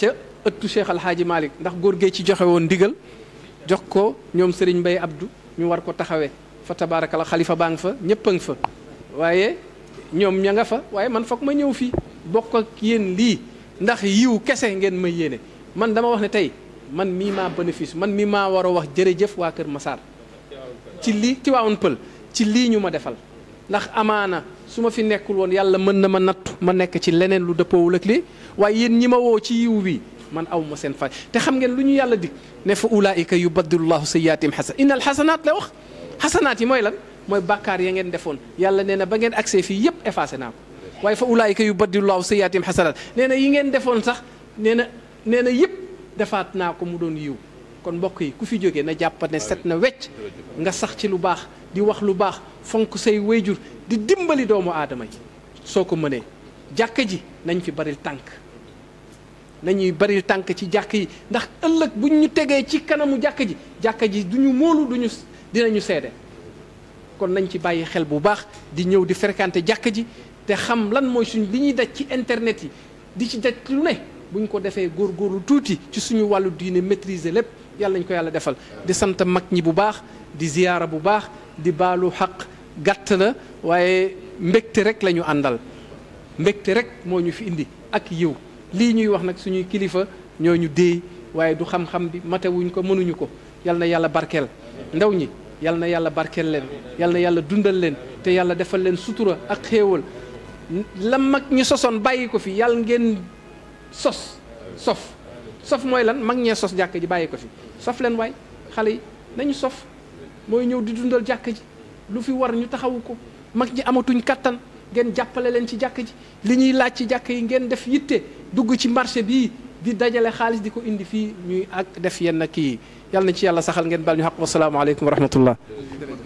F: ca ëttu Cheikh Al Hadj Malick ndax góor gee ci joxe woon ndigal jox ko ñoom Serigne Mbaye Abdou ñu war ko taxawee fa tabaarakallaahu xalifa baa ngi fa ñëpp a nga fa waaye ñoom ña nga fa waaye man foog ma ñëw fii bokk ak yéen lii. ndax yiw kese ngeen may yéene man dama wax ne tey man mii maa bénéfice man mii maa war a wax jërëjëf waa Kër Massar ci lii ci waawoon pël ci lii ñu ma defal ndax amaana su ma fi nekkul woon yàlla mën na ma nattu ma nekk ci leneen lu dëppoowul ak lii waaye yen ñi ma woo ci yiw bi man aw ma seen fay te xam ngeen lu ñu yàlla dig ne fa ulaayika yubaddilullahu sayyaatihim xasan innal xasanaat la wax xasanaat yi mooy lan mooy bakkaar ya ngeen defoon yàlla nee na ba ngeen accès fii yépp effacé naa waaye fa ulaayika yubaddilullahu sayyiaatihim xasanaat nee na yi ngeen defoon sax nee na nee na yëpp defaat naa ko mu doon yiw kon mbokk yi ku fi jógee na jàpp set na wecc nga sax ci lu baax di wax lu baax fonk say wayjur di dimbali doomu aadama yi soo ko mënee jàkka ji nañ fi baril tànk nañuy baril tànk ci jàkk yi ndax ëllëg buñ ñu tegee ci kanamu jàkk ji jàkk ji ñu móolu duñu dinañu seede kon nañ ci bàyyi xel bu baax di ñëw di fréquenté jàkk ji te xam lan mooy suñu li ñuy daj ci internet yi di ci daj lu ne bu ñu ko defee góorgóorlu tuuti ci suñu wàllu diine maîtriser lépp yàlla ñu ko yàlla defal di sant mag ñi bu baax di ziyaara bu baax di baalu xaq gàtt na waaye mbégte rek lañu àndal mbégte rek moo ñu fi indi ak yiw lii ñuy wax nag suñuy kilifa ñoo ñu déey waaye du xam-xam bi matewuñ ko mënuñu ko yal na yàlla barkeel ndaw ñi yal na yàlla barkeel leen yàlla na yàlla dundal leen te yàlla defal leen sutura ak xéewal la mag ñi sosoon bàyyi ko fi yàlla ngeen sos sof sof mooy lan mag ñee sos jàkk ji bàyyi ko fi sof leen waay xale yi nañu sof mooy ñëw di dundal jàkk ji lu fi war ñu taxawu ko mag ñi amatuñ kàttan ngeen jàppale leen ci jàkk ji li ñuy laaj ci jàkk yi ngeen def yitte dugg ci marché bi di dajale xaalis di ko indi fii ñuy ak def yenn kii yàlla na ci yàlla saxal ngeen bal ñu xaq wasalaamaaleykum wa rahmatullah